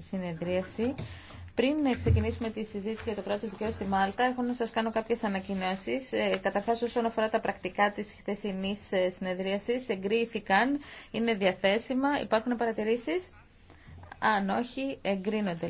συνεδρίαση. Πριν ξεκινήσουμε τη συζήτηση για το κράτο δικαίου στη Μάλτα, έχω να σα κάνω κάποιε ανακοινώσει. Ε, Καταρχά, όσον αφορά τα πρακτικά τη χθεσινή ε, συνεδρίαση, εγκρίθηκαν, είναι διαθέσιμα. Υπάρχουν παρατηρήσει. Αν όχι, εγκρίνονται λοιπόν.